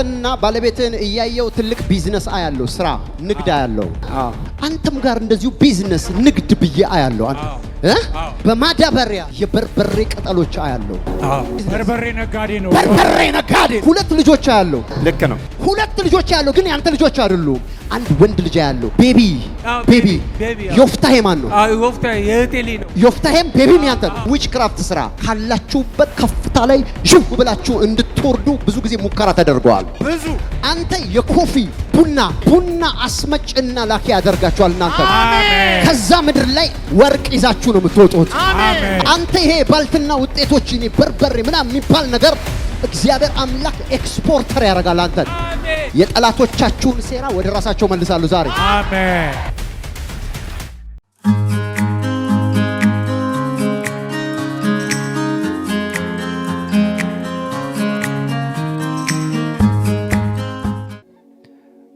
አንተና ባለቤትህን እያየው ትልቅ ቢዝነስ አያለው፣ ስራ ንግድ አያለው። አንተም ጋር እንደዚሁ ቢዝነስ ንግድ ብዬ አያለው። አንተ በማዳበሪያ የበርበሬ ቅጠሎች አያለው። በርበሬ ነጋዴ ነው፣ በርበሬ ነጋዴ። ሁለት ልጆች አያለው። ልክ ነው። ሁለት ልጆች አያለው፣ ግን ያንተ ልጆች አይደሉም። አንድ ወንድ ልጅ ያለው ቤቢ ቤቢ ዮፍታሄ ማን ነው? ዮፍታሄም ቤቢ ያንተ ዊች ክራፍት ስራ ካላችሁበት ከፍታ ላይ ዥው ብላችሁ እንድትወርዱ ብዙ ጊዜ ሙከራ ተደርገዋል። ብዙ አንተ የኮፊ ቡና ቡና አስመጭና ላኪ ያደርጋችኋል። እናንተ ከዛ ምድር ላይ ወርቅ ይዛችሁ ነው የምትወጡት። አንተ ይሄ ባልትና ውጤቶች በርበሬ ምናምን የሚባል ነገር እግዚአብሔር አምላክ ኤክስፖርተር ያደርጋል አንተን የጠላቶቻችሁን ሴራ ወደ ራሳቸው መልሳሉ ዛሬ። አሜን።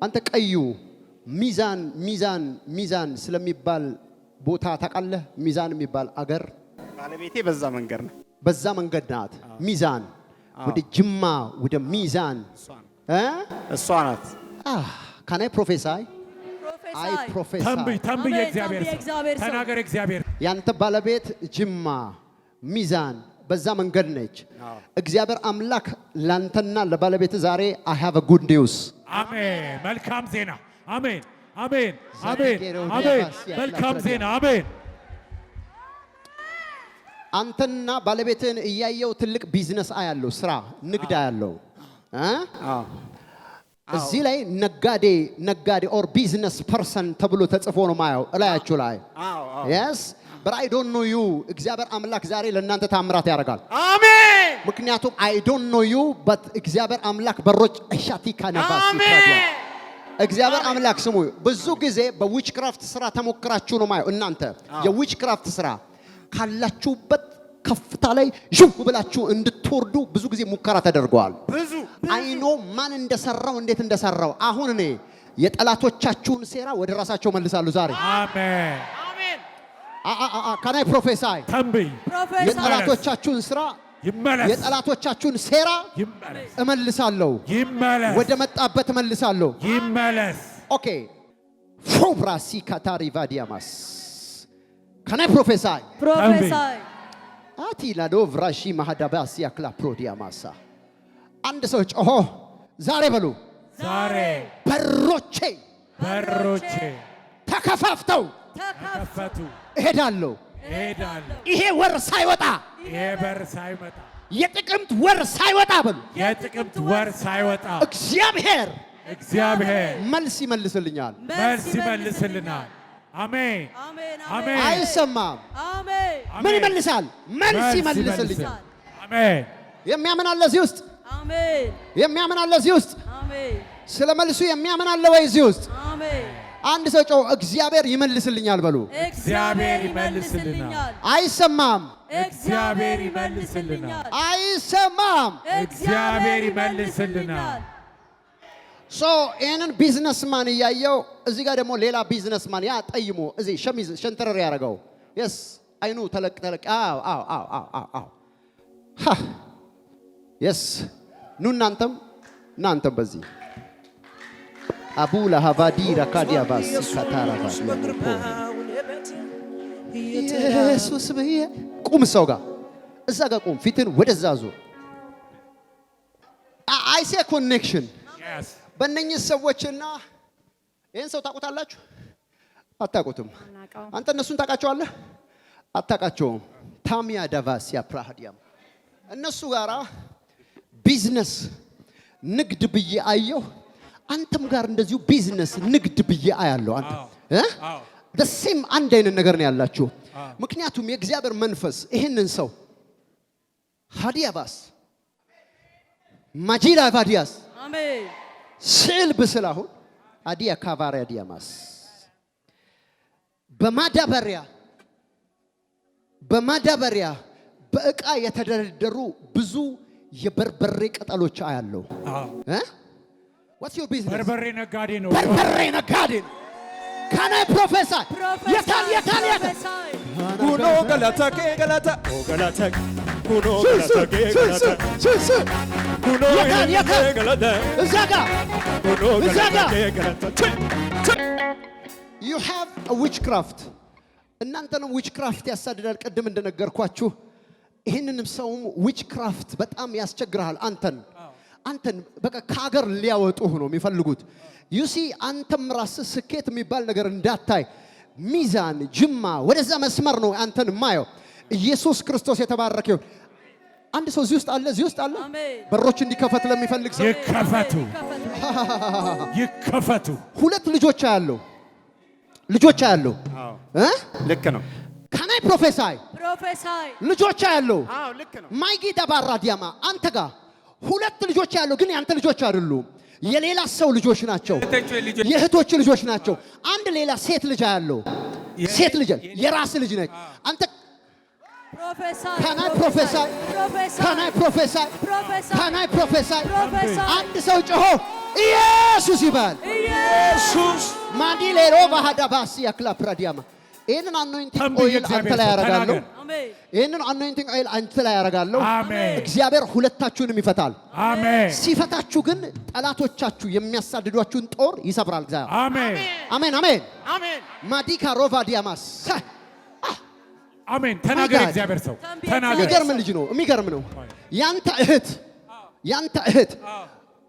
አንተ ቀዩ ሚዛን ሚዛን ሚዛን ስለሚባል ቦታ ታውቃለህ? ሚዛን የሚባል አገር ባለቤቴ በዛ መንገድ ነው፣ በዛ መንገድ ናት። ሚዛን ወደ ጅማ ወደ ሚዛን እሷ ናት። ካናይ ፕሮፌሳይ ተንብይ የእግዚአብሔር ተናገር። እግዚአብሔር ያንተ ባለቤት ጅማ ሚዛን በዛ መንገድ ነች። እግዚአብሔር አምላክ ላንተና ለባለቤት ዛሬ አይ ሃቭ ጉድ ኒውስ። አሜን። መልካም ዜና። አሜን፣ አሜን፣ አሜን፣ አሜን። መልካም ዜና። አሜን። አንተና ባለቤትን እያየው ትልቅ ቢዝነስ አያለው፣ ስራ ንግድ አያለው እዚህ ላይ ነጋዴ ነጋዴ ኦር ቢዝነስ ፐርሰን ተብሎ ተጽፎ ነው ማየው እላያችሁ ላይ ስ በር አይ ዶንት ኖ ዩ። እግዚአብሔር አምላክ ዛሬ ለእናንተ ታምራት ያደርጋል። አሜን። ምክንያቱም አይ ዶንት ኖ ዩ በት እግዚአብሔር አምላክ በሮች እሻቲ ካነባስ እግዚአብሔር አምላክ ስሙ። ብዙ ጊዜ በዊች ክራፍት ስራ ተሞክራችሁ ነው ማየው። እናንተ የዊች ክራፍት ስራ ካላችሁበት ከፍታ ላይ ዥው ብላችሁ እንድትወርዱ ብዙ ጊዜ ሙከራ ተደርገዋል። አይኖ ማን እንደሰራው እንዴት እንደሰራው። አሁን እኔ የጠላቶቻችሁን ሴራ ወደ ራሳቸው መልሳሉ ዛሬ። አሜን ካናይ ፕሮፌሳይ ተንብይ የጠላቶቻችሁን ስራ የጠላቶቻችሁን ሴራ ይመለስ፣ እመልሳለሁ። ይመለስ፣ ወደ መጣበት እመልሳለሁ። ይመለስ። ኦኬ ፎብራሲ ካታሪ ቫዲያማስ ካናይ ፕሮፌሳይ ፕሮፌሳይ አቲ ላዶ ቭራሺ ማሃዳባሲ አክላ ፕሮዲያማሳ አንድ ሰው ጮሆ ዛሬ በሉ ዛሬ በሮቼ በሮቼ ተከፋፍተው ተከፈቱ እሄዳለሁ እሄዳለሁ ይሄ ወር ሳይወጣ ይሄ በር ሳይመጣ የጥቅምት ወር ሳይወጣ በሉ የጥቅምት ወር ሳይወጣ እግዚአብሔር እግዚአብሔር መልስ ይመልስልኛል መልስ ይመልስልናል። አሜን አሜን። አይሰማም። ምን ይመልሳል? መልስ ይመልስልኛል። አሜን። የሚያምን አለ እዚህ ውስጥ የሚያምን አለ እዚህ ውስጥ? ስለ መልሱ የሚያምን አለ ወይ እዚህ ውስጥ? አንድ ሰው ጮህ፣ እግዚአብሔር ይመልስልኛል በሉ። እግዚአብሔር ይመልስልኛል። አይሰማም። እግዚአብሔር ይመልስልናል። አይሰማም። እግዚአብሔር ይመልስልናል። ሶ ይህንን ቢዝነስማን እያየው እዚህ ጋር ደግሞ ሌላ ቢዝነስማን ያ ጠይሞ እዚህ ሸሚዝ ሸንተረር ያደረገው የስ አይኑ ተለቅ ተለቅ። የስ ኑ እናንተም እናንተም በዚህ አቡላ ሀቫዲ ረካዲያ ባስ ካታራባስ ኢየሱስ ብዬ ቁም። ሰው ጋር እዛ ጋር ቁም። ፊትን ወደዛ ዙር። አይሴ ኮኔክሽን በእነኝህ ሰዎችና ይህን ሰው ታውቁታላችሁ? አታውቁትም። አንተ እነሱን ታውቃቸዋለህ? አታውቃቸውም። ታሚያ ዳቫስ ያፕራሃዲያም እነሱ ጋራ ቢዝነስ ንግድ ብዬ አየሁ። አንተም ጋር እንደዚሁ ቢዝነስ ንግድ ብዬ አያለሁ። አንተ ደሴም አንድ አይነት ነገር ነው ያላችሁ። ምክንያቱም የእግዚአብሔር መንፈስ ይህንን ሰው ሀዲያባስ ማጂራ ቫዲያስ ስዕል ብስል አሁን አዲያ ካቫሪያ ዲያማስ በማዳበሪያ በማዳበሪያ በእቃ የተደረደሩ ብዙ የበርበሬ ቅጠሎች አያለው። በርበሬ ነጋዴ ነው። በርበሬ ነጋዴ ነው። ካና ፕሮፌሳ የታል የታል የታል ጉኖ a ዊችክራፍት ያሳድዳል። ቅድም እንደነገርኳችሁ ይህንንም ሰውም ዊች ክራፍት በጣም ያስቸግርሃል። አንተን አንተን በቃ ከሀገር ሊያወጡህ ነው የሚፈልጉት። ዩሲ አንተም ራስ ስኬት የሚባል ነገር እንዳታይ ሚዛን፣ ጅማ፣ ወደዛ መስመር ነው አንተን ማየው። ኢየሱስ ክርስቶስ የተባረከ ይሁን። አንድ ሰው እዚህ ውስጥ አለ፣ እዚህ ውስጥ አለ። በሮች እንዲከፈት ለሚፈልግ ሰው ይከፈቱ፣ ይከፈቱ። ሁለት ልጆች አያለሁ፣ ልጆች አያለሁ። ልክ ነው ከናይ ፕሮፌሳይ ፕሮፌሳይ ልጆች ያለው አዎ ልክ ነው። ማይጊ ደባራ ዲያማ አንተ ጋር ሁለት ልጆች ያሉ ግን ያንተ ልጆች አይደሉም። የሌላ ሰው ልጆች ናቸው። የእህቶች ልጆች ናቸው። አንድ ሌላ ሴት ልጅ ያለው ሴት ልጅ የራስ ልጅ ነች። አንተ ከናይ ፕሮፌሳይ ከናይ ፕሮፌሳይ ከናይ ፕሮፌሳይ አንድ ሰው ጮሆ ኢየሱስ ይባል ኢየሱስ ማዲ ሌሮ ባሃዳባሲ ያክላ ፕራዲያማ ይህንን አኖይንቲንግ ኦይል አንተ ላይ ያረጋለሁ። ይህንን አኖይንቲንግ ኦይል አንተ ላይ ያረጋለሁ። እግዚአብሔር ሁለታችሁንም ይፈታል። ሲፈታችሁ ግን ጠላቶቻችሁ የሚያሳድዷችሁን ጦር ይሰብራል። እግዚአብሔር አሜን፣ አሜን፣ አሜን። ማዲካ ሮቫ ዲያማስ አሜን። ተናገር እግዚአብሔር ሰው ተናገር። የሚገርም ልጅ ነው። የሚገርም ነው። ያንተ እህት ያንተ እህት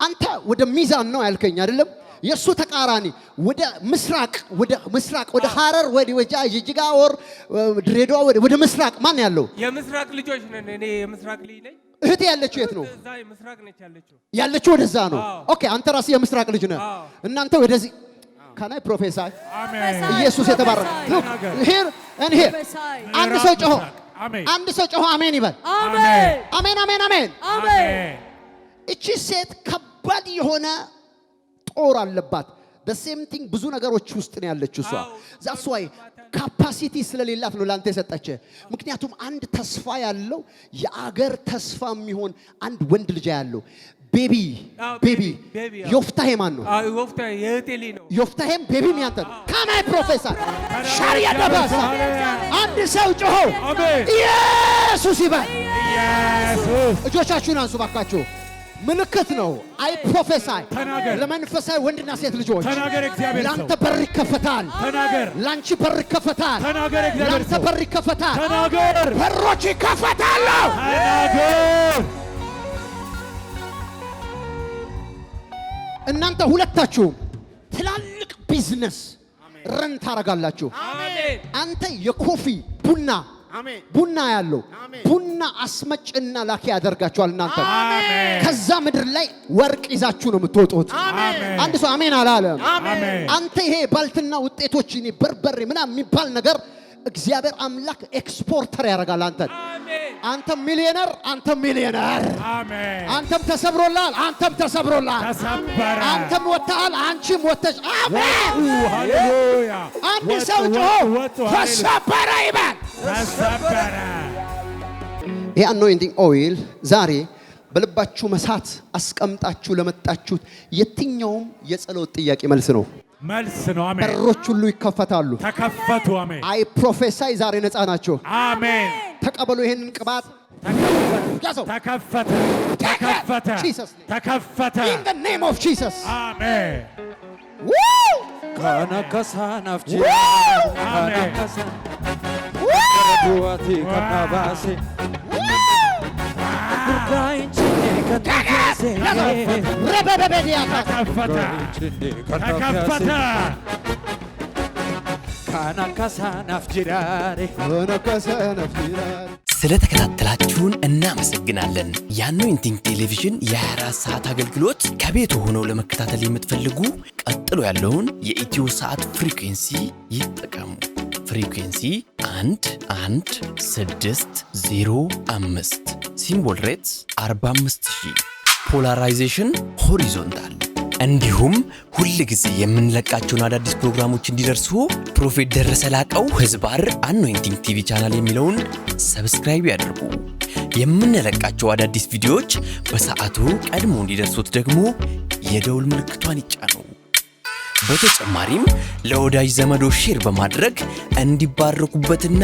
አንተ ወደ ሚዛን ነው ያልከኝ አይደለም የእሱ ተቃራኒ ወደ ምስራቅ ወደ ምስራቅ ወደ ሐረር ወደ ወጃ ጅጅጋ ወር ድሬዳዋ ወደ ወደ ምስራቅ ማን ያለው የምስራቅ ልጆች ነን። እኔ የምስራቅ ልጅ ነኝ። እህት ያለችው የት ነው ያለችው? ወደዛ ነው። ኦኬ አንተ ራስህ የምስራቅ ልጅ ነህ። እናንተ ወደዚህ ከናይ ፕሮፌሳይ ኢየሱስ የተባረከ ሄር እን ሄር አንድ ሰው ጮሆ አንድ ሰው ጮሆ አሜን ይበል። አሜን አሜን አሜን። እቺ ሴት ከባድ የሆነ ጦር አለባት። በሴም ቲንግ ብዙ ነገሮች ውስጥ ነው ያለችው እሷ። ዛስ ዋይ ካፓሲቲ ስለሌላት ነው ላንተ የሰጠች። ምክንያቱም አንድ ተስፋ ያለው የአገር ተስፋ የሚሆን አንድ ወንድ ልጃ ያለው ቤቢ ቤቢ ዮፍታሄ ማን ነው? ዮፍታሄም ቤቢም ያንተ ነው። ከማይ ፕሮፌሰር ሻርያ ደባሳ አንድ ሰው ጮሆ ኢየሱስ ይበል። እጆቻችሁን አንሱ ባካችሁ። ምልክት ነው። አይ ፕሮፌሳይ ተናገር፣ ለመንፈሳዊ ወንድና ሴት ልጆች ተናገር። እግዚአብሔር ላንተ በር ይከፈታል። ተናገር፣ ላንቺ በር ይከፈታል። ተናገር፣ እግዚአብሔር ላንተ በር ይከፈታል። ተናገር፣ በሮች ይከፈታሉ። ተናገር። እናንተ ሁለታችሁም ትላልቅ ቢዝነስ ረን ታረጋላችሁ። አንተ የኮፊ ቡና ቡና ያለው ቡና አስመጭና ላኪ ያደርጋችኋል። እናንተ ከዛ ምድር ላይ ወርቅ ይዛችሁ ነው የምትወጡት። አንድ ሰው አሜን አላለም። አንተ ይሄ ባልትና ውጤቶች በርበሬ ምናምን የሚባል ነገር እግዚአብሔር አምላክ ኤክስፖርተር ያደርጋል አንተ አንተም ሚሊዮነር፣ አንተም ሚሊዮነር፣ አንተም ተሰብሮላል፣ አንተም ተሰብሮላል፣ አንተም ወጥተሃል፣ አንቺም ወጥተሽ። አሜን። አንድ ሰው ጮሆ ተሰበረ ይበል። ተሰበረ። ይህ አኖይንቲንግ ኦይል ዛሬ በልባችሁ መሳት አስቀምጣችሁ ለመጣችሁት የትኛውም የጸሎት ጥያቄ መልስ ነው፣ መልስ ነው። አሜን። በሮች ሁሉ ይከፈታሉ፣ ተከፈቱ። አሜን። አይ ፕሮፌሳይ ዛሬ ነፃ ናቸው። አሜን። ተቀበሉ ይሄንን ቅባት። ተከፈተ፣ ተከፈተ፣ ተከፈተ። ኢን ዘ ኔም ኦፍ ጂሰስ አሜን። ወው ከነከሳ ናፍጂ ሕይወቴ ከካባሴ ተከፈተ ስለተከታተላችሁን እናመሰግናለን። የአኖይንቲንግ ቴሌቪዥን የ24 ሰዓት አገልግሎት ከቤቱ ሆነው ለመከታተል የምትፈልጉ ቀጥሎ ያለውን የኢትዮ ሰዓት ፍሪኩንሲ ይጠቀሙ። ፍሪኩንሲ አንድ አንድ ስድስት ዜሮ አምስት ሲምቦል ሬትስ 45000 ፖላራይዜሽን ሆሪዞንታል። እንዲሁም ሁል ጊዜ የምንለቃቸውን አዳዲስ ፕሮግራሞች እንዲደርሱ ፕሮፌት ደረሰ ላቀው ህዝባር አኖይንቲንግ ቲቪ ቻናል የሚለውን ሰብስክራይብ ያድርጉ። የምንለቃቸው አዳዲስ ቪዲዮዎች በሰዓቱ ቀድሞ እንዲደርሱት ደግሞ የደውል ምልክቷን ይጫኑ። በተጨማሪም ለወዳጅ ዘመዶ ሼር በማድረግ እንዲባረኩበትና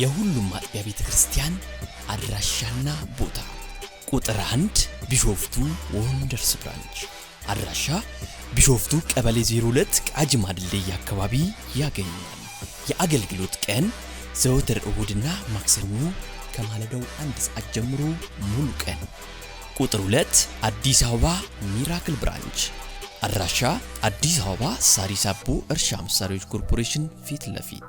የሁሉም ማጥቢያ ቤተ ክርስቲያን አድራሻና ቦታ ቁጥር አንድ ቢሾፍቱ ወንደርስ ብራንች አድራሻ ቢሾፍቱ ቀበሌ 02 ቃጅ ድልድይ አካባቢ ያገኛል። የአገልግሎት ቀን ዘወትር እሁድና ማክሰኞ ከማለዳው አንድ ሰዓት ጀምሮ ሙሉ ቀን። ቁጥር 2 አዲስ አበባ ሚራክል ብራንች አድራሻ አዲስ አበባ ሳሪስ አቦ እርሻ መሳሪያዎች ኮርፖሬሽን ፊት ለፊት